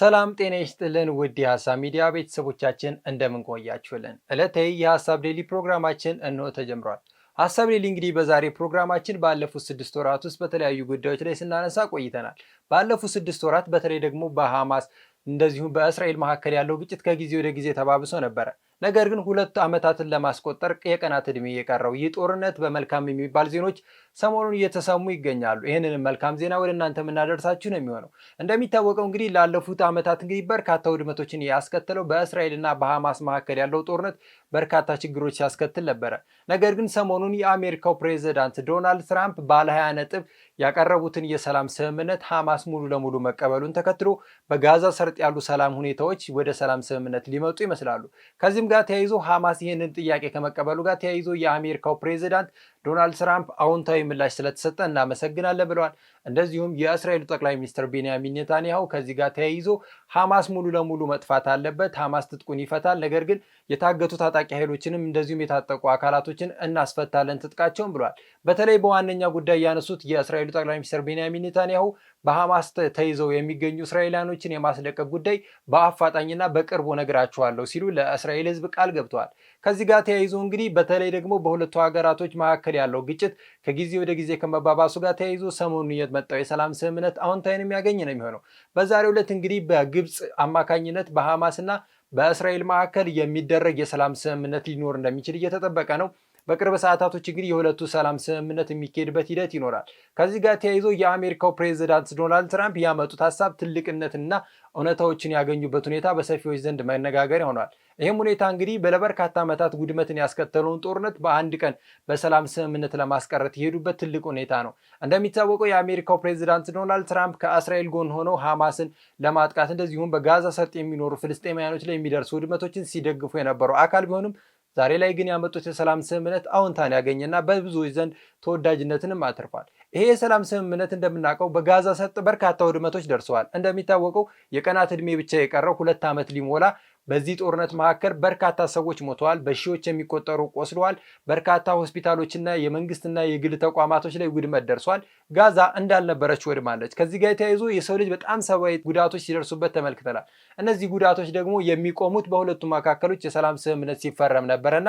ሰላም ጤና ይስጥልን ውድ የሀሳብ ሚዲያ ቤተሰቦቻችን እንደምን ቆያችሁልን? ዕለታዊ የሀሳብ ዴሊ ፕሮግራማችን እንሆ ተጀምሯል። ሀሳብ ዴሊ እንግዲህ በዛሬ ፕሮግራማችን ባለፉት ስድስት ወራት ውስጥ በተለያዩ ጉዳዮች ላይ ስናነሳ ቆይተናል። ባለፉት ስድስት ወራት በተለይ ደግሞ በሐማስ እንደዚሁም በእስራኤል መካከል ያለው ግጭት ከጊዜ ወደ ጊዜ ተባብሶ ነበረ። ነገር ግን ሁለት ዓመታትን ለማስቆጠር የቀናት ዕድሜ የቀረው ይህ ጦርነት በመልካም የሚባል ዜኖች ሰሞኑን እየተሰሙ ይገኛሉ። ይህንንም መልካም ዜና ወደ እናንተ የምናደርሳችሁ ነው የሚሆነው። እንደሚታወቀው እንግዲህ ላለፉት ዓመታት እንግዲህ በርካታ ውድመቶችን ያስከተለው በእስራኤልና በሐማስ መካከል ያለው ጦርነት በርካታ ችግሮች ሲያስከትል ነበረ። ነገር ግን ሰሞኑን የአሜሪካው ፕሬዚዳንት ዶናልድ ትራምፕ ባለ 20 ነጥብ ያቀረቡትን የሰላም ስምምነት ሐማስ ሙሉ ለሙሉ መቀበሉን ተከትሎ በጋዛ ሰርጥ ያሉ ሰላም ሁኔታዎች ወደ ሰላም ስምምነት ሊመጡ ይመስላሉ። ከዚህም ጋር ተያይዞ ሐማስ ይህንን ጥያቄ ከመቀበሉ ጋር ተያይዞ የአሜሪካው ፕሬዚዳንት ዶናልድ ትራምፕ አዎንታዊ ምላሽ ስለተሰጠ እናመሰግናለን ብለዋል። እንደዚሁም የእስራኤሉ ጠቅላይ ሚኒስትር ቤንያሚን ኔታንያሁ ከዚህ ጋር ተያይዞ ሐማስ ሙሉ ለሙሉ መጥፋት አለበት፣ ሐማስ ትጥቁን ይፈታል፣ ነገር ግን የታገቱ ታጣቂ ኃይሎችንም እንደዚሁም የታጠቁ አካላቶችን እናስፈታለን ትጥቃቸውን ብለዋል። በተለይ በዋነኛ ጉዳይ ያነሱት የእስራኤሉ ጠቅላይ ሚኒስትር ቤንያሚን ኔታንያሁ በሐማስ ተይዘው የሚገኙ እስራኤላኖችን የማስለቀቅ ጉዳይ በአፋጣኝና በቅርቡ ነግራችኋለሁ ሲሉ ለእስራኤል ሕዝብ ቃል ገብተዋል። ከዚህ ጋር ተያይዞ እንግዲህ በተለይ ደግሞ በሁለቱ ሀገራቶች መካከል ያለው ግጭት ከጊዜ ወደ ጊዜ ከመባባሱ ጋር ተያይዞ ሰሞኑን የመጣው የሰላም ስምምነት አዎንታዊን የሚያገኝ ነው የሚሆነው። በዛሬው ዕለት እንግዲህ በግብፅ አማካኝነት በሐማስና በእስራኤል መካከል የሚደረግ የሰላም ስምምነት ሊኖር እንደሚችል እየተጠበቀ ነው። በቅርብ ሰዓታቶች እንግዲህ የሁለቱ ሰላም ስምምነት የሚካሄድበት ሂደት ይኖራል። ከዚህ ጋር ተያይዞ የአሜሪካው ፕሬዚዳንት ዶናልድ ትራምፕ ያመጡት ሀሳብ ትልቅነትና እውነታዎችን ያገኙበት ሁኔታ በሰፊዎች ዘንድ መነጋገሪያ ሆኗል። ይህም ሁኔታ እንግዲህ ለበርካታ ዓመታት ጉድመትን ያስከተለውን ጦርነት በአንድ ቀን በሰላም ስምምነት ለማስቀረት የሄዱበት ትልቅ ሁኔታ ነው። እንደሚታወቀው የአሜሪካው ፕሬዚዳንት ዶናልድ ትራምፕ ከእስራኤል ጎን ሆነው ሐማስን ለማጥቃት እንደዚሁም በጋዛ ሰርጥ የሚኖሩ ፍልስጤማውያኖች ላይ የሚደርሱ ውድመቶችን ሲደግፉ የነበረው አካል ቢሆንም ዛሬ ላይ ግን ያመጡት የሰላም ስምምነት አዎንታን ያገኘና በብዙዎች ዘንድ ተወዳጅነትንም አትርፏል። ይሄ የሰላም ስምምነት እንደምናውቀው በጋዛ ሰርጥ በርካታ ውድመቶች ደርሰዋል። እንደሚታወቀው የቀናት ዕድሜ ብቻ የቀረው ሁለት ዓመት ሊሞላ በዚህ ጦርነት መካከል በርካታ ሰዎች ሞተዋል፣ በሺዎች የሚቆጠሩ ቆስለዋል። በርካታ ሆስፒታሎችና የመንግስትና የግል ተቋማቶች ላይ ውድመት ደርሷል። ጋዛ እንዳልነበረች ወድማለች። ከዚህ ጋር የተያይዞ የሰው ልጅ በጣም ሰብአዊ ጉዳቶች ሲደርሱበት ተመልክተናል። እነዚህ ጉዳቶች ደግሞ የሚቆሙት በሁለቱ መካከሎች የሰላም ስምምነት ሲፈረም ነበረና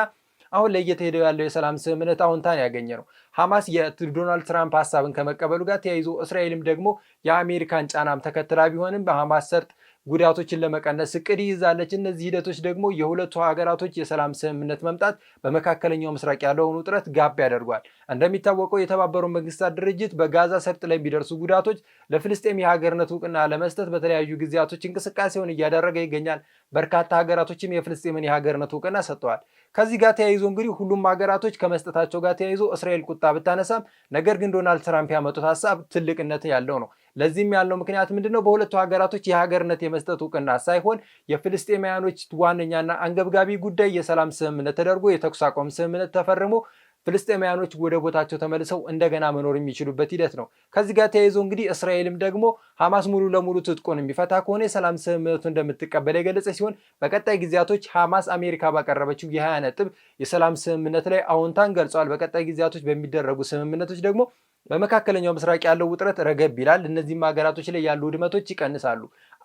አሁን ላይ እየተሄደ ያለው የሰላም ስምምነት አዎንታን ያገኘ ነው። ሐማስ የዶናልድ ትራምፕ ሀሳብን ከመቀበሉ ጋር ተያይዞ እስራኤልም ደግሞ የአሜሪካን ጫናም ተከትላ ቢሆንም በሐማስ ሰርጥ ጉዳቶችን ለመቀነስ እቅድ ይይዛለች። እነዚህ ሂደቶች ደግሞ የሁለቱ ሀገራቶች የሰላም ስምምነት መምጣት በመካከለኛው ምስራቅ ያለውን ውጥረት ጋብ ያደርጓል። እንደሚታወቀው የተባበሩት መንግስታት ድርጅት በጋዛ ሰርጥ ላይ የሚደርሱ ጉዳቶች ለፍልስጤም የሀገርነት እውቅና ለመስጠት በተለያዩ ጊዜያቶች እንቅስቃሴውን እያደረገ ይገኛል። በርካታ ሀገራቶችም የፍልስጤምን የሀገርነት እውቅና ሰጥተዋል። ከዚህ ጋር ተያይዞ እንግዲህ ሁሉም ሀገራቶች ከመስጠታቸው ጋር ተያይዞ እስራኤል ቁጣ ብታነሳም ነገር ግን ዶናልድ ትራምፕ ያመጡት ሀሳብ ትልቅነት ያለው ነው። ለዚህም ያለው ምክንያት ምንድነው? በሁለቱ ሀገራቶች የሀገርነት የመስጠት እውቅና ሳይሆን የፍልስጤማያኖች ዋነኛና አንገብጋቢ ጉዳይ የሰላም ስምምነት ተደርጎ የተኩስ አቋም ስምምነት ተፈርሞ ፍልስጤማያኖች ወደ ቦታቸው ተመልሰው እንደገና መኖር የሚችሉበት ሂደት ነው። ከዚህ ጋር ተያይዞ እንግዲህ እስራኤልም ደግሞ ሐማስ ሙሉ ለሙሉ ትጥቁን የሚፈታ ከሆነ የሰላም ስምምነቱ እንደምትቀበል የገለጸ ሲሆን በቀጣይ ጊዜያቶች ሐማስ አሜሪካ ባቀረበችው የሀያ ነጥብ የሰላም ስምምነት ላይ አዎንታን ገልጸዋል። በቀጣይ ጊዜያቶች በሚደረጉ ስምምነቶች ደግሞ በመካከለኛው ምስራቅ ያለው ውጥረት ረገብ ይላል። እነዚህም ሀገራቶች ላይ ያሉ ውድመቶች ይቀንሳሉ።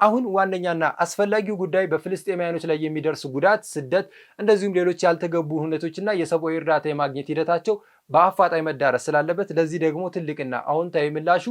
አሁን ዋነኛና አስፈላጊው ጉዳይ በፍልስጤማያኖች ላይ የሚደርስ ጉዳት፣ ስደት፣ እንደዚሁም ሌሎች ያልተገቡ ሁነቶችና የሰብአዊ እርዳታ የማግኘት ሂደታቸው በአፋጣኝ መዳረስ ስላለበት ለዚህ ደግሞ ትልቅና አዎንታዊ ምላሹ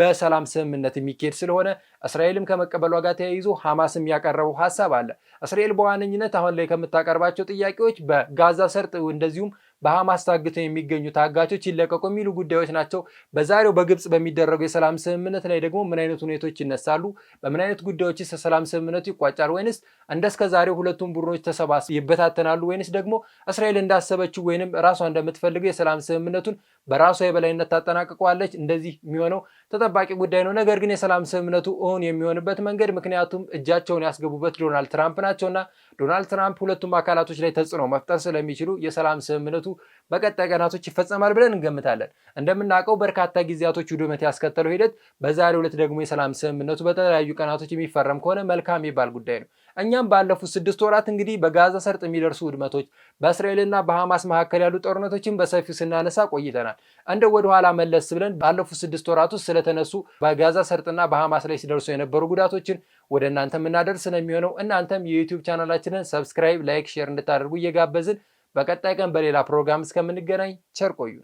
በሰላም ስምምነት የሚካሄድ ስለሆነ እስራኤልም ከመቀበሏ ጋር ተያይዞ ሐማስም ያቀረበው ሀሳብ አለ። እስራኤል በዋነኝነት አሁን ላይ ከምታቀርባቸው ጥያቄዎች በጋዛ ሰርጥ እንደዚሁም በሐማስ ታግተው የሚገኙ ታጋቾች ይለቀቁ የሚሉ ጉዳዮች ናቸው። በዛሬው በግብጽ በሚደረገው የሰላም ስምምነት ላይ ደግሞ ምን አይነት ሁኔታዎች ይነሳሉ? በምን አይነት ጉዳዮች የሰላም ስምምነቱ ይቋጫል? ወይንስ እንደስከ ዛሬው ሁለቱም ቡድኖች ተሰባስ ይበታተናሉ? ወይንስ ደግሞ እስራኤል እንዳሰበችው ወይንም ራሷ እንደምትፈልገው የሰላም ስምምነቱን በራሷ የበላይነት ታጠናቅቀዋለች? እንደዚህ የሚሆነው ተጠባቂ ጉዳይ ነው። ነገር ግን የሰላም ስምምነቱ እሁን የሚሆንበት መንገድ ምክንያቱም እጃቸውን ያስገቡበት ዶናልድ ትራምፕ ናቸውና ዶናልድ ትራምፕ ሁለቱም አካላቶች ላይ ተጽዕኖ መፍጠር ስለሚችሉ የሰላም ስምምነቱ በቀጣይ ቀናቶች ይፈጸማል ብለን እንገምታለን። እንደምናውቀው በርካታ ጊዜያቶች ውድመት ያስከተለው ሂደት በዛሬ ዕለት ደግሞ የሰላም ስምምነቱ በተለያዩ ቀናቶች የሚፈረም ከሆነ መልካም የሚባል ጉዳይ ነው። እኛም ባለፉት ስድስት ወራት እንግዲህ በጋዛ ሰርጥ የሚደርሱ ውድመቶች፣ በእስራኤልና በሐማስ መካከል ያሉ ጦርነቶችን በሰፊው ስናነሳ ቆይተናል። እንደ ወደኋላ መለስ ብለን ባለፉት ስድስት ወራት ውስጥ ስለተነሱ በጋዛ ሰርጥና በሐማስ ላይ ሲደርሱ የነበሩ ጉዳቶችን ወደ እናንተ የምናደርስ ነው የሚሆነው። እናንተም የዩቲዩብ ቻናላችንን ሰብስክራይብ፣ ላይክ፣ ሼር እንድታደርጉ እየጋበዝን በቀጣይ ቀን በሌላ ፕሮግራም እስከምንገናኝ ቸር ቆዩ።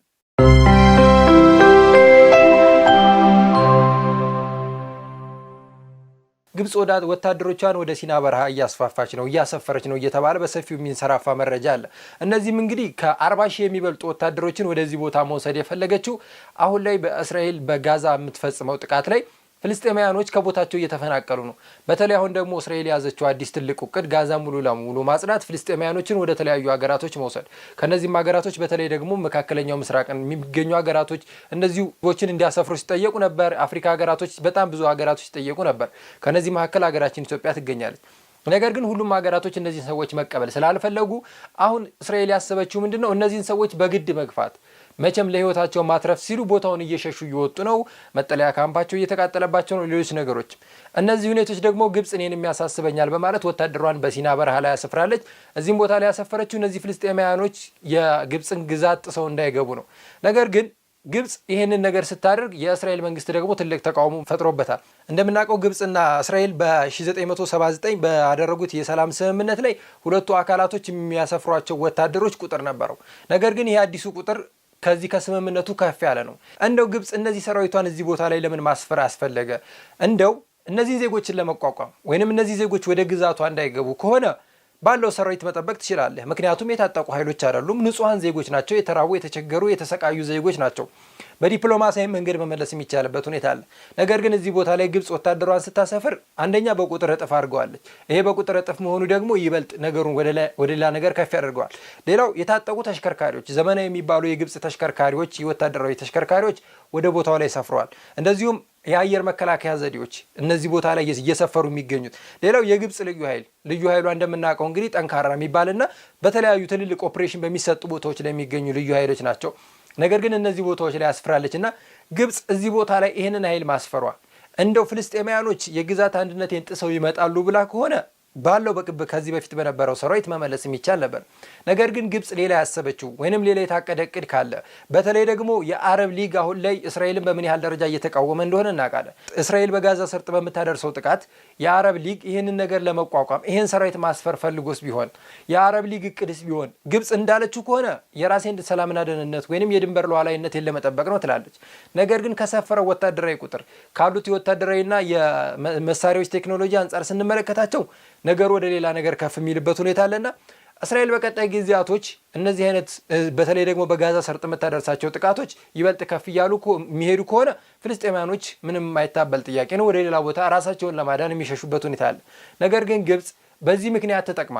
ግብፅ ወዳት ወታደሮቿን ወደ ሲና በረሃ እያስፋፋች ነው እያሰፈረች ነው እየተባለ በሰፊው የሚንሰራፋ መረጃ አለ። እነዚህም እንግዲህ ከአርባ ሺህ የሚበልጡ ወታደሮችን ወደዚህ ቦታ መውሰድ የፈለገችው አሁን ላይ በእስራኤል በጋዛ የምትፈጽመው ጥቃት ላይ ፍልስጤማውያኖች ከቦታቸው እየተፈናቀሉ ነው። በተለይ አሁን ደግሞ እስራኤል የያዘችው አዲስ ትልቅ እቅድ ጋዛ ሙሉ ለሙሉ ማጽዳት፣ ፍልስጤማውያኖችን ወደ ተለያዩ ሀገራቶች መውሰድ፣ ከእነዚህም ሀገራቶች በተለይ ደግሞ መካከለኛው ምስራቅ የሚገኙ ሀገራቶች እነዚሁ ህዝቦችን እንዲያሰፍሩ ሲጠየቁ ነበር። አፍሪካ ሀገራቶች፣ በጣም ብዙ ሀገራቶች ሲጠየቁ ነበር። ከእነዚህ መካከል ሀገራችን ኢትዮጵያ ትገኛለች። ነገር ግን ሁሉም ሀገራቶች እነዚህን ሰዎች መቀበል ስላልፈለጉ አሁን እስራኤል ያሰበችው ምንድን ነው? እነዚህን ሰዎች በግድ መግፋት መቼም ለህይወታቸው ማትረፍ ሲሉ ቦታውን እየሸሹ እየወጡ ነው። መጠለያ ካምፓቸው እየተቃጠለባቸው ነው። ሌሎች ነገሮች። እነዚህ ሁኔቶች ደግሞ ግብጽ እኔንም የሚያሳስበኛል በማለት ወታደሯን በሲና በረሃ ላይ ያሰፍራለች። እዚህም ቦታ ላይ ያሰፈረችው እነዚህ ፍልስጤማውያኖች የግብጽን ግዛት ጥሰው እንዳይገቡ ነው። ነገር ግን ግብጽ ይህንን ነገር ስታደርግ የእስራኤል መንግስት ደግሞ ትልቅ ተቃውሞ ፈጥሮበታል። እንደምናውቀው ግብፅና እስራኤል በ1979 ባደረጉት የሰላም ስምምነት ላይ ሁለቱ አካላቶች የሚያሰፍሯቸው ወታደሮች ቁጥር ነበረው። ነገር ግን ይህ አዲሱ ቁጥር ከዚህ ከስምምነቱ ከፍ ያለ ነው። እንደው ግብፅ እነዚህ ሰራዊቷን እዚህ ቦታ ላይ ለምን ማስፈር አስፈለገ? እንደው እነዚህን ዜጎችን ለመቋቋም ወይንም እነዚህ ዜጎች ወደ ግዛቷ እንዳይገቡ ከሆነ ባለው ሰራዊት መጠበቅ ትችላለህ። ምክንያቱም የታጠቁ ኃይሎች አይደሉም፣ ንጹሐን ዜጎች ናቸው። የተራቡ፣ የተቸገሩ፣ የተሰቃዩ ዜጎች ናቸው። በዲፕሎማሲያዊ መንገድ መመለስ የሚቻልበት ሁኔታ አለ። ነገር ግን እዚህ ቦታ ላይ ግብፅ ወታደሯን ስታሰፍር አንደኛ በቁጥር እጥፍ አድርገዋለች። ይሄ በቁጥር እጥፍ መሆኑ ደግሞ ይበልጥ ነገሩን ወደ ሌላ ነገር ከፍ ያደርገዋል። ሌላው የታጠቁ ተሽከርካሪዎች፣ ዘመናዊ የሚባሉ የግብፅ ተሽከርካሪዎች፣ የወታደራዊ ተሽከርካሪዎች ወደ ቦታው ላይ ሰፍረዋል። እንደዚሁም የአየር መከላከያ ዘዴዎች እነዚህ ቦታ ላይ እየሰፈሩ የሚገኙት። ሌላው የግብፅ ልዩ ኃይል ልዩ ኃይሏ እንደምናውቀው እንግዲህ ጠንካራ የሚባልና በተለያዩ ትልልቅ ኦፕሬሽን በሚሰጡ ቦታዎች ላይ የሚገኙ ልዩ ኃይሎች ናቸው። ነገር ግን እነዚህ ቦታዎች ላይ ያስፍራለች እና ግብፅ እዚህ ቦታ ላይ ይህንን ኃይል ማስፈሯ እንደው ፍልስጤማያኖች የግዛት አንድነቴን ጥሰው ይመጣሉ ብላ ከሆነ ባለው ከዚህ በፊት በነበረው ሰራዊት መመለስ የሚቻል ነበር። ነገር ግን ግብፅ ሌላ ያሰበችው ወይንም ሌላ የታቀደ እቅድ ካለ በተለይ ደግሞ የአረብ ሊግ አሁን ላይ እስራኤልን በምን ያህል ደረጃ እየተቃወመ እንደሆነ እናውቃለን። እስራኤል በጋዛ ሰርጥ በምታደርሰው ጥቃት የአረብ ሊግ ይህንን ነገር ለመቋቋም ይህን ሰራዊት ማስፈር ፈልጎስ ቢሆን የአረብ ሊግ እቅድስ ቢሆን ግብፅ እንዳለችው ከሆነ የራሴን ሰላምና ደህንነት ወይንም የድንበር ሉዓላዊነት ለመጠበቅ ነው ትላለች። ነገር ግን ከሰፈረው ወታደራዊ ቁጥር ካሉት የወታደራዊና የመሳሪያዎች ቴክኖሎጂ አንጻር ስንመለከታቸው ነገሩ ወደ ሌላ ነገር ከፍ የሚልበት ሁኔታ አለና እስራኤል በቀጣይ ጊዜያቶች እነዚህ አይነት በተለይ ደግሞ በጋዛ ሰርጥ የምታደርሳቸው ጥቃቶች ይበልጥ ከፍ እያሉ የሚሄዱ ከሆነ ፍልስጤማያኖች ምንም የማይታበል ጥያቄ ነው፣ ወደ ሌላ ቦታ ራሳቸውን ለማዳን የሚሸሹበት ሁኔታ አለ። ነገር ግን ግብፅ በዚህ ምክንያት ተጠቅማ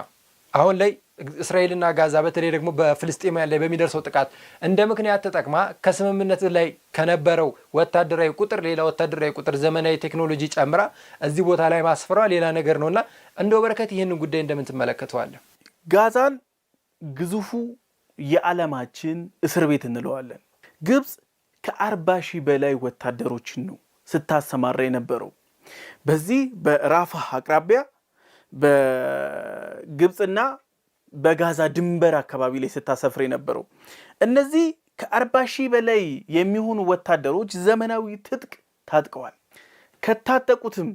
አሁን ላይ እስራኤልና ጋዛ በተለይ ደግሞ በፍልስጤማውያን ላይ በሚደርሰው ጥቃት እንደ ምክንያት ተጠቅማ ከስምምነት ላይ ከነበረው ወታደራዊ ቁጥር ሌላ ወታደራዊ ቁጥር ዘመናዊ ቴክኖሎጂ ጨምራ እዚህ ቦታ ላይ ማስፈሯ ሌላ ነገር ነው እና እንደው በረከት ይህንን ጉዳይ እንደምን ትመለከተዋለን? ጋዛን ግዙፉ የዓለማችን እስር ቤት እንለዋለን። ግብፅ ከአርባ ሺህ በላይ ወታደሮችን ነው ስታሰማራ የነበረው በዚህ በራፋ አቅራቢያ በግብፅና በጋዛ ድንበር አካባቢ ላይ ስታሰፍር የነበረው እነዚህ ከአርባ ሺህ በላይ የሚሆኑ ወታደሮች ዘመናዊ ትጥቅ ታጥቀዋል። ከታጠቁትም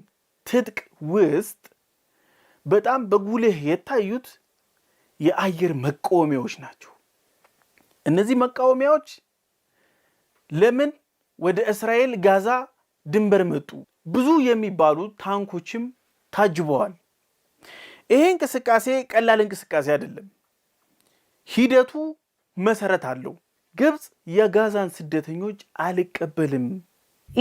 ትጥቅ ውስጥ በጣም በጉልህ የታዩት የአየር መቃወሚያዎች ናቸው። እነዚህ መቃወሚያዎች ለምን ወደ እስራኤል ጋዛ ድንበር መጡ? ብዙ የሚባሉ ታንኮችም ታጅበዋል። ይሄ እንቅስቃሴ ቀላል እንቅስቃሴ አይደለም። ሂደቱ መሰረት አለው። ግብፅ የጋዛን ስደተኞች አልቀበልም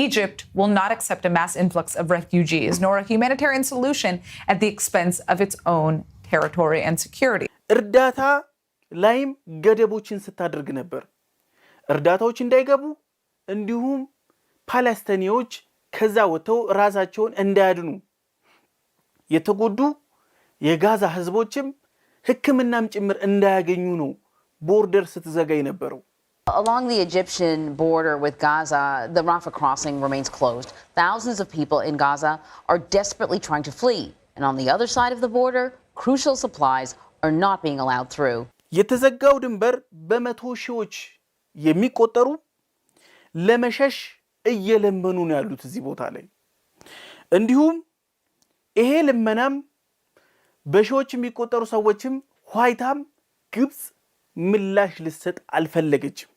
Egypt will not accept a mass influx of refugees nor a humanitarian solution at the expense of its own territory and security. እርዳታ ላይም ገደቦችን ስታደርግ ነበር። እርዳታዎች እንዳይገቡ እንዲሁም ፓለስተኒዎች ከዛ ወጥተው ራሳቸውን እንዳያድኑ የተጎዱ የጋዛ ህዝቦችም ሕክምናም ጭምር እንዳያገኙ ነው ቦርደር ስትዘጋ የነበረው። Along the Egyptian border with Gaza, the Rafah crossing remains closed. Thousands of people in Gaza are desperately trying to flee. And on the other side of the border, crucial supplies are not being allowed through. የተዘጋው ድንበር በመቶ ሺዎች የሚቆጠሩ ለመሸሽ እየለመኑ ነው ያሉት እዚህ ቦታ ላይ እንዲሁም ይሄ ልመናም በሺዎች የሚቆጠሩ ሰዎችም ዋይታም ግብፅ ምላሽ አልፈለገችም።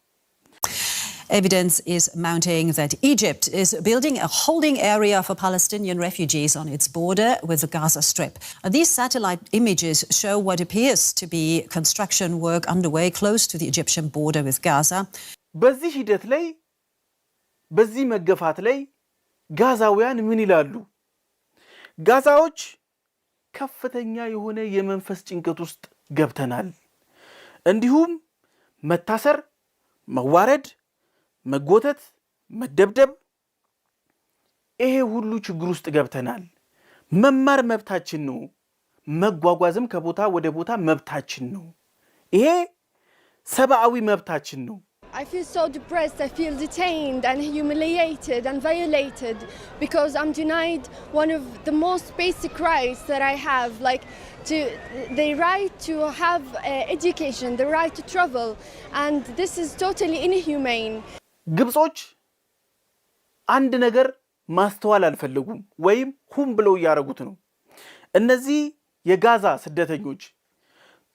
Evidence is mounting that Egypt is building a holding area for Palestinian refugees on its border with the Gaza Strip. These satellite images show what appears to be construction work underway close to the Egyptian border with Gaza. በዚህ ሂደት ላይ በዚህ መገፋት ላይ ጋዛውያን ምን ይላሉ? ጋዛዎች ከፍተኛ የሆነ የመንፈስ ጭንቀት ውስጥ ገብተናል። እንዲሁም መታሰር፣ መዋረድ፣ መጎተት፣ መደብደብ ይሄ ሁሉ ችግር ውስጥ ገብተናል። መማር መብታችን ነው። መጓጓዝም ከቦታ ወደ ቦታ መብታችን ነው። ይሄ ሰብአዊ መብታችን ነው። I feel so depressed. I feel detained and humiliated and violated because I'm denied one of the most basic rights that I have, like to the right to have uh, education, the right to travel, and this is totally inhumane. ግብጾች አንድ ነገር ማስተዋል አልፈለጉም ወይም ሁም ብለው እያደረጉት ነው። እነዚህ የጋዛ ስደተኞች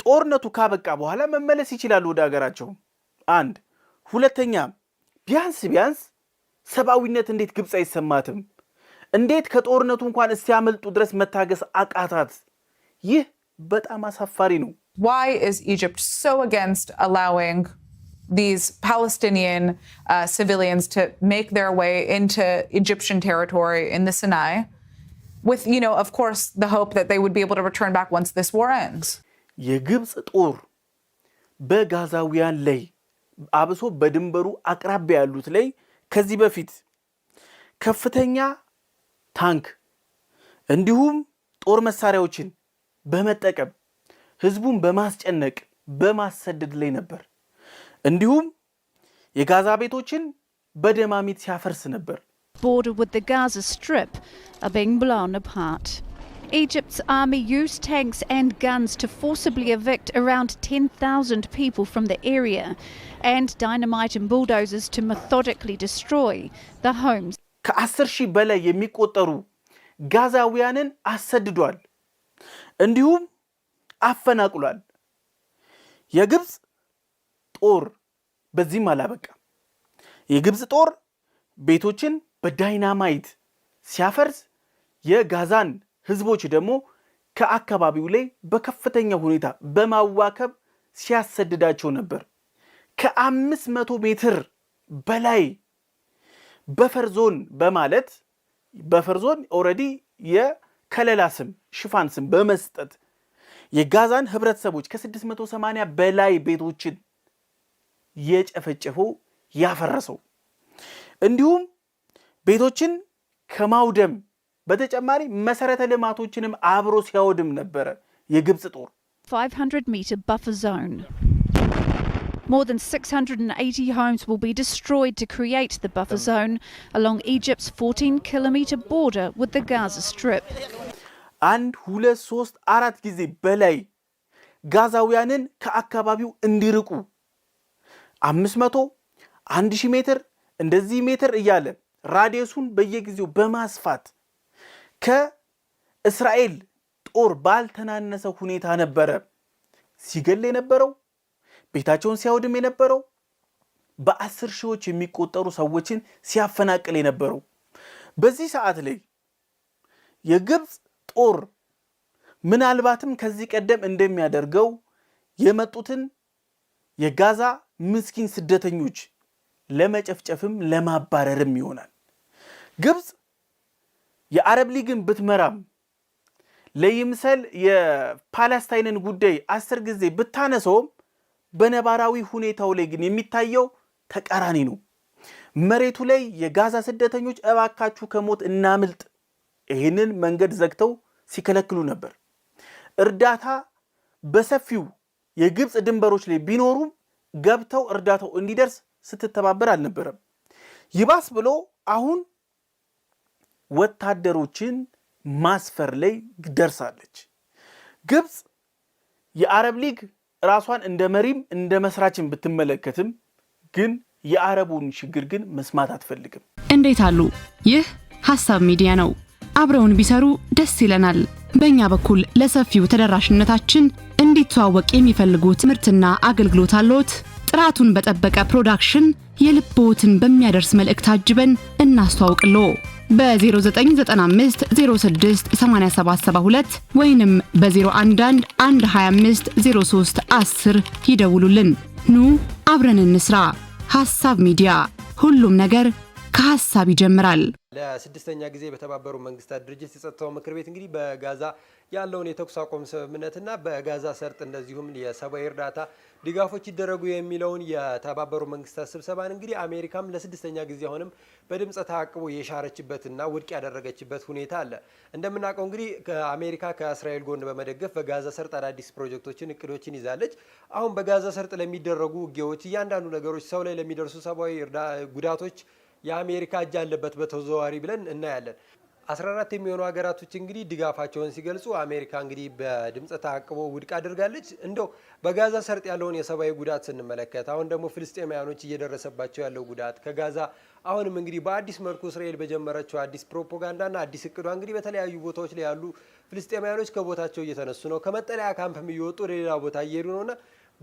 ጦርነቱ ካበቃ በኋላ መመለስ ይችላሉ ወደ ሀገራቸው አንድ ሁለተኛ ቢያንስ ቢያንስ ሰብአዊነት እንዴት ግብፅ አይሰማትም? እንዴት ከጦርነቱ እንኳን እስኪያመልጡ ድረስ መታገስ አቃታት? ይህ በጣም አሳፋሪ ነው። Why is Egypt so against allowing these Palestinian uh, civilians to make their way into Egyptian territory in the Sinai with, you know, of course, the hope that they would be able to return back once this war ends? የግብፅ ጦር በጋዛውያን ላይ አብሶ በድንበሩ አቅራቢያ ያሉት ላይ ከዚህ በፊት ከፍተኛ ታንክ እንዲሁም ጦር መሳሪያዎችን በመጠቀም ህዝቡን በማስጨነቅ በማሰደድ ላይ ነበር። እንዲሁም የጋዛ ቤቶችን በደማሚት ሲያፈርስ ነበር። Egypt's army used tanks and guns to forcibly evict around 10,000 people from the area and dynamite and bulldozers to methodically destroy the homes. ከአስር ሺህ በላይ የሚቆጠሩ ጋዛውያንን አሰድዷል፣ እንዲሁም አፈናቅሏል። የግብፅ ጦር በዚህም አላበቃ። የግብፅ ጦር ቤቶችን በዳይናማይት ሲያፈርስ የጋዛን ህዝቦች ደግሞ ከአካባቢው ላይ በከፍተኛ ሁኔታ በማዋከብ ሲያሰድዳቸው ነበር። ከአምስት መቶ ሜትር በላይ በፈርዞን በማለት በፈርዞን ኦልሬዲ የከለላ ስም ሽፋን ስም በመስጠት የጋዛን ህብረተሰቦች ከ680 በላይ ቤቶችን የጨፈጨፈው ያፈረሰው እንዲሁም ቤቶችን ከማውደም በተጨማሪ መሰረተ ልማቶችንም አብሮ ሲያወድም ነበረ የግብፅ ጦር። 500 ሜትር ባፈር ዞን More than 680 homes will be destroyed to create the buffer zone along Egypt's 14 kilometer border with the Gaza Strip. አንድ ሁለት ሶስት አራት ጊዜ በላይ ጋዛውያንን ከአካባቢው እንዲርቁ 500 1000 ሜትር እንደዚህ ሜትር እያለ ራዲየሱን በየጊዜው በማስፋት ከእስራኤል ጦር ባልተናነሰ ሁኔታ ነበረ ሲገል የነበረው ቤታቸውን ሲያወድም የነበረው በአስር ሺዎች የሚቆጠሩ ሰዎችን ሲያፈናቅል የነበረው በዚህ ሰዓት ላይ የግብፅ ጦር ምናልባትም ከዚህ ቀደም እንደሚያደርገው የመጡትን የጋዛ ምስኪን ስደተኞች ለመጨፍጨፍም ለማባረርም ይሆናል። ግብፅ የአረብ ሊግን ብትመራም ለይምሰል የፓለስታይንን ጉዳይ አስር ጊዜ ብታነሰውም በነባራዊ ሁኔታው ላይ ግን የሚታየው ተቃራኒ ነው። መሬቱ ላይ የጋዛ ስደተኞች እባካችሁ ከሞት እናምልጥ፣ ይህንን መንገድ ዘግተው ሲከለክሉ ነበር። እርዳታ በሰፊው የግብፅ ድንበሮች ላይ ቢኖሩም ገብተው እርዳታው እንዲደርስ ስትተባበር አልነበረም። ይባስ ብሎ አሁን ወታደሮችን ማስፈር ላይ ደርሳለች። ግብፅ የአረብ ሊግ ራሷን እንደ መሪም እንደ መስራችን ብትመለከትም ግን የአረቡን ችግር ግን መስማት አትፈልግም። እንዴት አሉ? ይህ ሀሳብ ሚዲያ ነው። አብረውን ቢሰሩ ደስ ይለናል። በእኛ በኩል ለሰፊው ተደራሽነታችን እንዲተዋወቅ የሚፈልጉ ትምህርትና አገልግሎት አለዎት? ጥራቱን በጠበቀ ፕሮዳክሽን የልብዎትን በሚያደርስ መልእክት አጅበን እናስተዋውቅልዎ። በ0995 06 8772 ወይንም በ 0111 25 03 10 ይደውሉልን። ኑ አብረን እንስራ። ሐሳብ ሚዲያ ሁሉም ነገር ከሐሳብ ይጀምራል። ለስድስተኛ ጊዜ በተባበሩ መንግስታት ድርጅት የጸጥታው ምክር ቤት እንግዲህ በጋዛ ያለውን የተኩስ አቁም ስምምነትና በጋዛ ሰርጥ እንደዚሁም የሰብአዊ እርዳታ ድጋፎች ይደረጉ የሚለውን የተባበሩ መንግስታት ስብሰባን እንግዲህ አሜሪካም ለስድስተኛ ጊዜ አሁንም በድምፀ ተአቅቦ የሻረችበትና ውድቅ ያደረገችበት ሁኔታ አለ። እንደምናውቀው እንግዲህ አሜሪካ ከእስራኤል ጎን በመደገፍ በጋዛ ሰርጥ አዳዲስ ፕሮጀክቶችን እቅዶችን ይዛለች። አሁን በጋዛ ሰርጥ ለሚደረጉ ውጊያዎች፣ እያንዳንዱ ነገሮች፣ ሰው ላይ ለሚደርሱ ሰብአዊ ጉዳቶች የአሜሪካ እጅ አለበት በተዘዋዋሪ ብለን እናያለን። 14 የሚሆኑ ሀገራቶች እንግዲህ ድጋፋቸውን ሲገልጹ አሜሪካ እንግዲህ በድምፅ ተአቅቦ ውድቅ አድርጋለች። እንደው በጋዛ ሰርጥ ያለውን የሰብአዊ ጉዳት ስንመለከት አሁን ደግሞ ፍልስጤማያኖች እየደረሰባቸው ያለው ጉዳት ከጋዛ አሁንም እንግዲህ በአዲስ መልኩ እስራኤል በጀመረችው አዲስ ፕሮፓጋንዳና አዲስ እቅዷ እንግዲህ በተለያዩ ቦታዎች ላይ ያሉ ፍልስጤማያኖች ከቦታቸው እየተነሱ ነው፣ ከመጠለያ ካምፕም እየወጡ ወደ ሌላ ቦታ እየሄዱ ነውና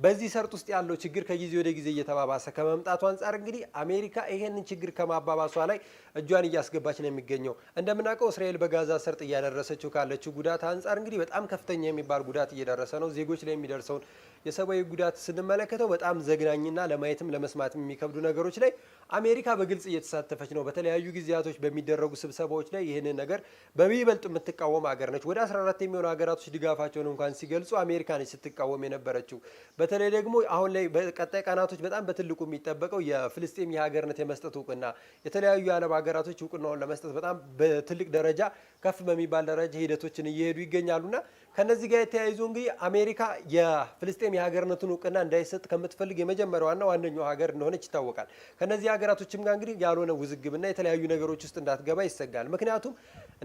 በዚህ ሰርጥ ውስጥ ያለው ችግር ከጊዜ ወደ ጊዜ እየተባባሰ ከመምጣቱ አንጻር እንግዲህ አሜሪካ ይሄንን ችግር ከማባባሷ ላይ እጇን እያስገባች ነው የሚገኘው። እንደምናውቀው እስራኤል በጋዛ ሰርጥ እያደረሰችው ካለችው ጉዳት አንጻር እንግዲህ በጣም ከፍተኛ የሚባል ጉዳት እየደረሰ ነው። ዜጎች ላይ የሚደርሰውን የሰብአዊ ጉዳት ስንመለከተው በጣም ዘግናኝና ለማየትም ለመስማትም የሚከብዱ ነገሮች ላይ አሜሪካ በግልጽ እየተሳተፈች ነው። በተለያዩ ጊዜያቶች በሚደረጉ ስብሰባዎች ላይ ይህንን ነገር በሚበልጥ የምትቃወም ሀገር ነች። ወደ 14 የሚሆኑ ሀገራቶች ድጋፋቸውን እንኳን ሲገልጹ አሜሪካ ነች ስትቃወም የነበረችው። በተለይ ደግሞ አሁን ላይ በቀጣይ ቀናቶች በጣም በትልቁ የሚጠበቀው የፍልስጤም የሀገርነት የመስጠት እውቅና የተለያዩ የዓለም ሀገራቶች እውቅናውን ለመስጠት በጣም በትልቅ ደረጃ ከፍ በሚባል ደረጃ ሂደቶችን እየሄዱ ይገኛሉና ከነዚህ ጋር የተያይዞ እንግዲህ አሜሪካ የፍልስጤም የሀገርነቱን እውቅና እንዳይሰጥ ከምትፈልግ የመጀመሪያዋና ዋነኛው ሀገር እንደሆነች ይታወቃል። ከነዚህ ሀገራቶችም ጋር እንግዲህ ያልሆነ ውዝግብና የተለያዩ ነገሮች ውስጥ እንዳትገባ ይሰጋል። ምክንያቱም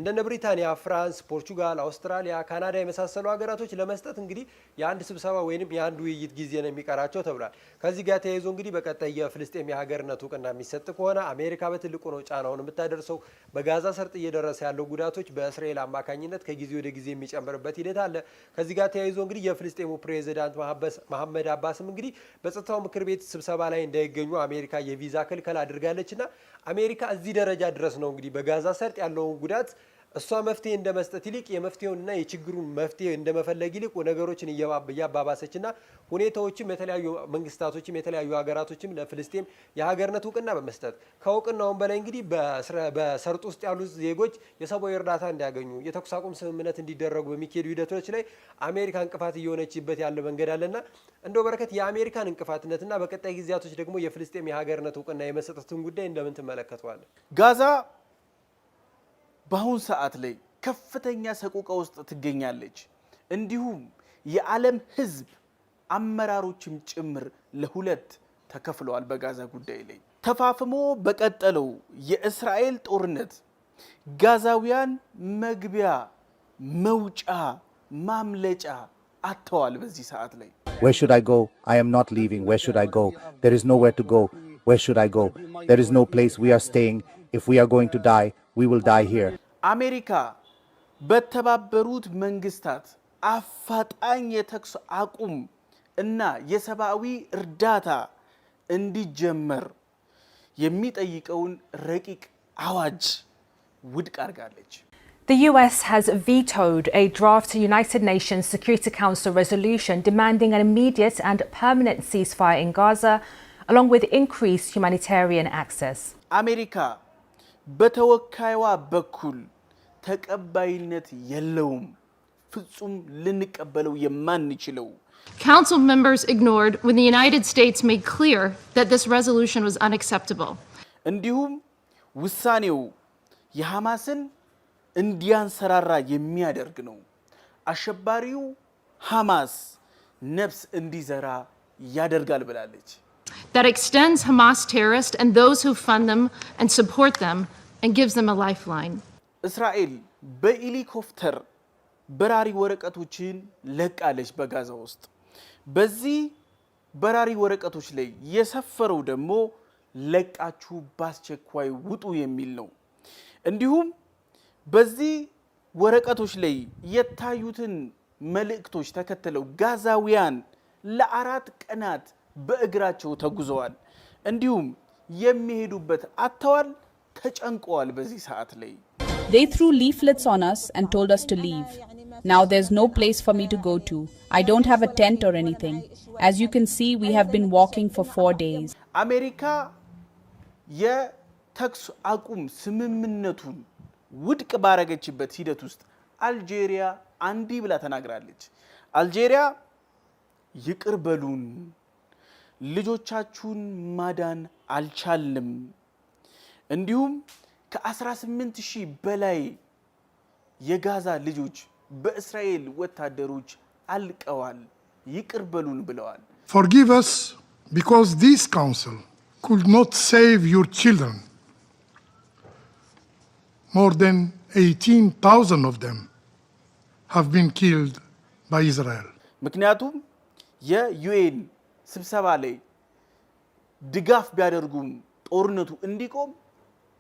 እንደነ ብሪታንያ፣ ፍራንስ፣ ፖርቹጋል፣ አውስትራሊያ፣ ካናዳ የመሳሰሉ ሀገራቶች ለመስጠት እንግዲህ የአንድ ስብሰባ ወይም የአንድ ውይይት ጊዜ ነው የሚቀራቸው ተብሏል። ከዚህ ጋር ተያይዞ እንግዲህ በቀጣይ የፍልስጤም የሀገርነት እውቅና የሚሰጥ ከሆነ አሜሪካ በትልቁ ነው ጫናውን የምታደርሰው። በጋዛ ሰርጥ እየደረሰ ያለው ጉዳቶች በእስራኤል አማካኝነት ከጊዜ ወደ ጊዜ የሚጨምርበት ሂደት አለ። ከዚህ ጋር ተያይዞ እንግዲህ የፍልስጤሙ ፕሬዚዳንት መሐመድ አባስም እንግዲህ በጸጥታው ምክር ቤት ስብሰባ ላይ እንዳይገኙ አሜሪካ የቪዛ ክልከላ አድርጋለች እና አሜሪካ እዚህ ደረጃ ድረስ ነው እንግዲህ በጋዛ ሰርጥ ያለውን ጉዳት እሷ መፍትሄ እንደ መስጠት ይልቅ የመፍትሄውንና የችግሩን መፍትሄ እንደመፈለግ ይልቅ ነገሮችን እያባባሰችና ሁኔታዎችም የተለያዩ መንግስታቶችም የተለያዩ ሀገራቶችም ለፍልስጤም የሀገርነት እውቅና በመስጠት ከእውቅናውን በላይ እንግዲህ በሰርጥ ውስጥ ያሉ ዜጎች የሰብአዊ እርዳታ እንዲያገኙ የተኩስ አቁም ስምምነት እንዲደረጉ በሚካሄዱ ሂደቶች ላይ አሜሪካ እንቅፋት እየሆነችበት ያለ መንገድ አለና እንደው በረከት የአሜሪካን እንቅፋትነትና በቀጣይ ጊዜያቶች ደግሞ የፍልስጤም የሀገርነት እውቅና የመሰጠትን ጉዳይ እንደምን ትመለከተዋለን? ጋዛ በአሁን ሰዓት ላይ ከፍተኛ ሰቁቃ ውስጥ ትገኛለች። እንዲሁም የዓለም ህዝብ አመራሮችም ጭምር ለሁለት ተከፍለዋል። በጋዛ ጉዳይ ላይ ተፋፍሞ በቀጠለው የእስራኤል ጦርነት ጋዛውያን መግቢያ መውጫ ማምለጫ አተዋል በዚህ ሰዓት ላይ ዌር ሹድ አይ ጎ አይ አም ኖት ሊቪንግ ዌር ሹድ አይ ጎ ዜር ኢዝ ኖ ዌር ቱ ጎ ዌር ሹድ አይ ጎ ዜር ኢዝ ኖ ፕሌስ ዊ አር ስቴይንግ ኢፍ ዊ አር ጎይንግ ቱ ዳይ ዊ ዊል ዳይ ሂር አሜሪካ በተባበሩት መንግስታት አፋጣኝ የተኩስ አቁም እና የሰብአዊ እርዳታ እንዲጀመር የሚጠይቀውን ረቂቅ አዋጅ ውድቅ አድርጋለች። The US has vetoed a draft United Nations Security Council resolution demanding an immediate and permanent ceasefire in Gaza, along with increased humanitarian access. አሜሪካ በተወካይዋ በኩል ተቀባይነት የለውም። ፍጹም ልንቀበለው የማንችለው Council members ignored when the United States made clear that this resolution was unacceptable. እንዲሁም ውሳኔው የሐማስን እንዲያንሰራራ የሚያደርግ ነው። አሸባሪው ሐማስ ነፍስ እንዲዘራ ያደርጋል ብላለች። That extends Hamas terrorists and those who fund them and support them and gives them a lifeline. እስራኤል በሄሊኮፕተር በራሪ ወረቀቶችን ለቃለች በጋዛ ውስጥ። በዚህ በራሪ ወረቀቶች ላይ የሰፈረው ደግሞ ለቃችሁ በአስቸኳይ ውጡ የሚል ነው። እንዲሁም በዚህ ወረቀቶች ላይ የታዩትን መልእክቶች ተከትለው ጋዛውያን ለአራት ቀናት በእግራቸው ተጉዘዋል። እንዲሁም የሚሄዱበት አጥተዋል፣ ተጨንቀዋል በዚህ ሰዓት ላይ They threw leaflets on us and told us to leave. Now there's no place for me to go to. I don't have a tent or anything. As you can see, we have been walking for four days. America, yeah, taks akum simminnetun. Wood kabaragechibet hidatust. Algeria, andi blatanagralit. Algeria, yikr balun. Lijo chun madan alchalim. Andium. ከ18 ሺህ በላይ የጋዛ ልጆች በእስራኤል ወታደሮች አልቀዋል። ይቅር በሉን ብለዋል። ፎርጊቭ አስ ቢኮዝ ዲስ ካውንስል ኩድ ኖት ሴቭ ዩር ችልድረን ሞር ዛን 18,000 ኦፍ ዘም ሃቭ ቢን ኪልድ ባይ ኢዝራኤል። ምክንያቱም የዩኤን ስብሰባ ላይ ድጋፍ ቢያደርጉም ጦርነቱ እንዲቆም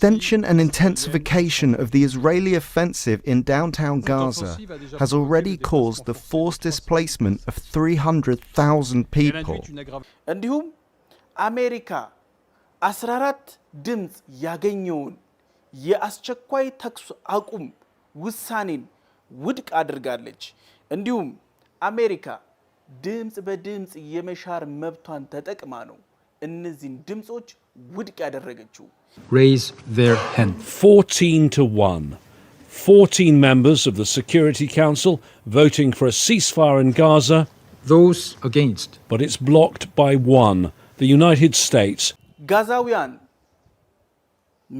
Tension and intensification of the Israeli offensive in downtown Gaza has already caused the forced displacement of 300,000 people. እንዲሁም አሜሪካ 14 ድምፅ ያገኘውን የአስቸኳይ ተኩስ አቁም ውሳኔን ውድቅ አድርጋለች። እንዲሁም አሜሪካ ድምፅ በድምፅ የመሻር መብቷን ተጠቅማ ነው እነዚህን ድምፆች ውድቅ ያደረገችው። Raise their hand. 14 to 1. 14 members of the Security Council voting for a ceasefire in Gaza. Those against. But it's blocked by one, the United States. ጋዛውያን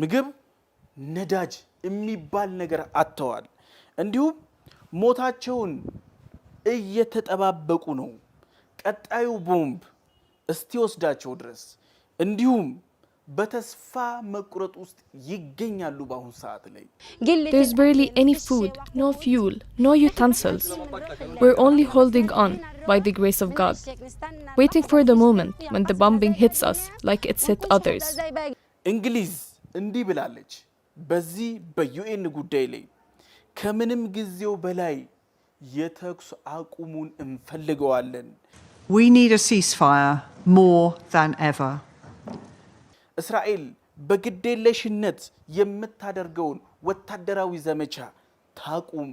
ምግብ፣ ነዳጅ የሚባል ነገር አጥተዋል። እንዲሁም ሞታቸውን እየተጠባበቁ ነው። ቀጣዩ ቦምብ እስኪወስዳቸው ድረስ እንዲሁም There's barely any food, no fuel, no utensils. We're only holding on by the grace of God, waiting for the moment when the bombing hits us like it's hit others. እንግሊዝ እንዲህ ብላለች። በዚህ በዩኤን ጉዳይ ላይ ከምንም ጊዜው በላይ የተኩስ አቁሙን እንፈልገዋለን። We need a ceasefire more than ever. እስራኤል በግዴለሽነት የምታደርገውን ወታደራዊ ዘመቻ ታቁም፣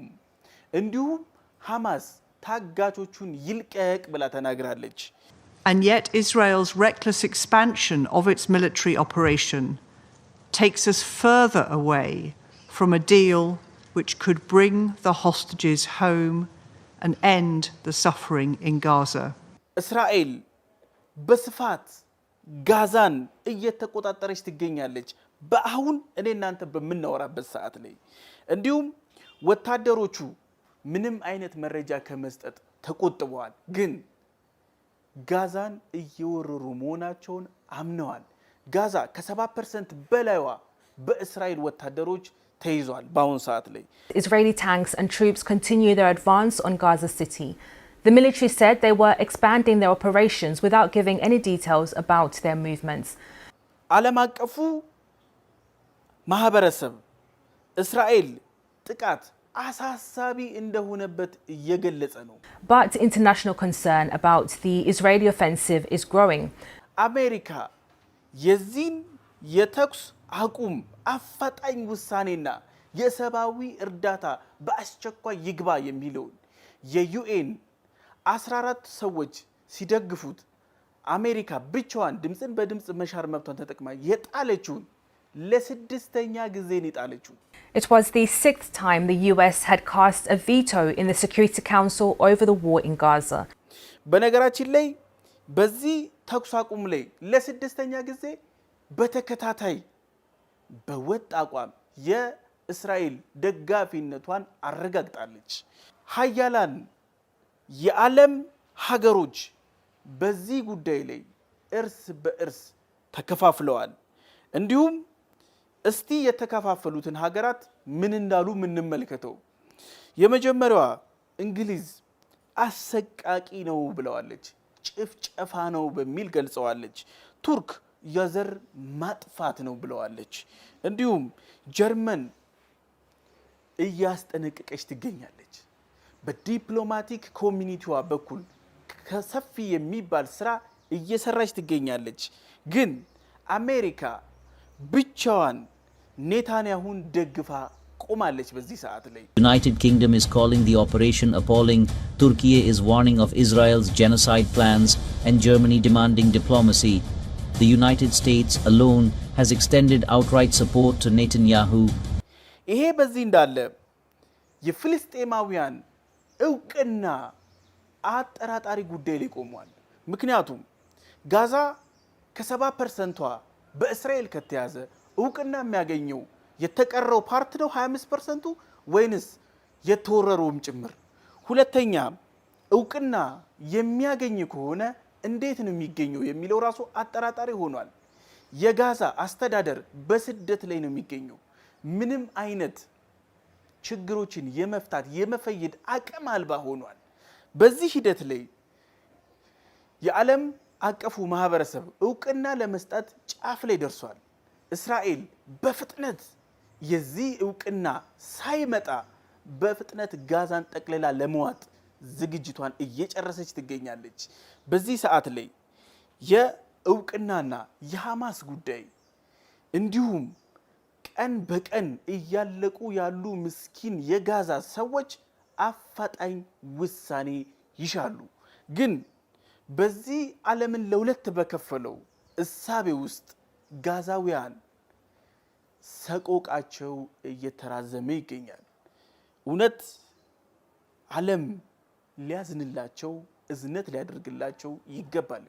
እንዲሁም ሐማስ ታጋቾቹን ይልቀቅ ብላ ተናግራለች። And yet Israel's reckless expansion of its military operation takes us further away from a deal which could bring the hostages home and end the suffering in Gaza. እስራኤል በስፋት ጋዛን እየተቆጣጠረች ትገኛለች። በአሁን እኔ እናንተ በምናወራበት ሰዓት ላይ እንዲሁም ወታደሮቹ ምንም አይነት መረጃ ከመስጠት ተቆጥበዋል፣ ግን ጋዛን እየወረሩ መሆናቸውን አምነዋል። ጋዛ ከ 7 ፐርሰንት በላይዋ በእስራኤል ወታደሮች ተይዟል። በአሁኑ ሰዓት ላይ ን ሲቲ። The military said they were expanding their operations without giving any details about their movements. ዓለም አቀፉ ማህበረሰብ እስራኤል ጥቃት አሳሳቢ እንደሆነበት እየገለጸ ነው። But international concern about the Israeli offensive is growing. አሜሪካ የዚህን የተኩስ አቁም አፋጣኝ ውሳኔና የሰብአዊ እርዳታ በአስቸኳይ ይግባ የሚለውን የዩኤን 14 ሰዎች ሲደግፉት አሜሪካ ብቻዋን ድምፅን በድምፅ መሻር መብቷን ተጠቅማ የጣለችውን ለስድስተኛ ጊዜ ነው የጣለችው። It was the sixth time the US had cast a veto in the Security Council over the war in Gaza. በነገራችን ላይ በዚህ ተኩስ አቁም ላይ ለስድስተኛ ጊዜ በተከታታይ በወጥ አቋም የእስራኤል ደጋፊነቷን አረጋግጣለች። ሀያላን የዓለም ሀገሮች በዚህ ጉዳይ ላይ እርስ በእርስ ተከፋፍለዋል። እንዲሁም እስቲ የተከፋፈሉትን ሀገራት ምን እንዳሉ የምንመለከተው? የመጀመሪያዋ እንግሊዝ አሰቃቂ ነው ብለዋለች። ጭፍጨፋ ነው በሚል ገልጸዋለች። ቱርክ የዘር ማጥፋት ነው ብለዋለች። እንዲሁም ጀርመን እያስጠነቀቀች ትገኛለች። በዲፕሎማቲክ ኮሚኒቲዋ በኩል ከሰፊ የሚባል ስራ እየሰራች ትገኛለች። ግን አሜሪካ ብቻዋን ኔታንያሁን ደግፋ ቆማለች። በዚህ ሰዓት ላይ ዩናይትድ ኪንግደም ኢዝ ኮሊንግ ዘ ኦፕሬሽን አፖሊንግ ቱርኪዬ ኢዝ ዋርኒንግ ኦፍ ኢዝራኤልስ ጄኖሳይድ ፕላንስ ኤንድ ጀርመኒ ዲማንዲንግ ዲፕሎማሲ ዘ ዩናይትድ ስቴትስ አሎን ሃዝ ኤክስቴንድድ አውትራይት ሰፖርት ቱ ኔታንያሁ። ይሄ በዚህ እንዳለ የፍልስጤማውያን እውቅና አጠራጣሪ ጉዳይ ላይ ቆሟል። ምክንያቱም ጋዛ ከሰባ ፐርሰንቷ በእስራኤል ከተያዘ እውቅና የሚያገኘው የተቀረው ፓርት ነው 25 ፐርሰንቱ ወይንስ የተወረረውም ጭምር? ሁለተኛ እውቅና የሚያገኝ ከሆነ እንዴት ነው የሚገኘው የሚለው ራሱ አጠራጣሪ ሆኗል። የጋዛ አስተዳደር በስደት ላይ ነው የሚገኘው ምንም አይነት ችግሮችን የመፍታት የመፈየድ አቅም አልባ ሆኗል። በዚህ ሂደት ላይ የዓለም አቀፉ ማህበረሰብ እውቅና ለመስጠት ጫፍ ላይ ደርሷል። እስራኤል በፍጥነት የዚህ እውቅና ሳይመጣ በፍጥነት ጋዛን ጠቅልላ ለመዋጥ ዝግጅቷን እየጨረሰች ትገኛለች። በዚህ ሰዓት ላይ የእውቅናና የሐማስ ጉዳይ እንዲሁም ቀን በቀን እያለቁ ያሉ ምስኪን የጋዛ ሰዎች አፋጣኝ ውሳኔ ይሻሉ። ግን በዚህ ዓለምን ለሁለት በከፈለው እሳቤ ውስጥ ጋዛውያን ሰቆቃቸው እየተራዘመ ይገኛል። እውነት ዓለም ሊያዝንላቸው እዝነት ሊያደርግላቸው ይገባል።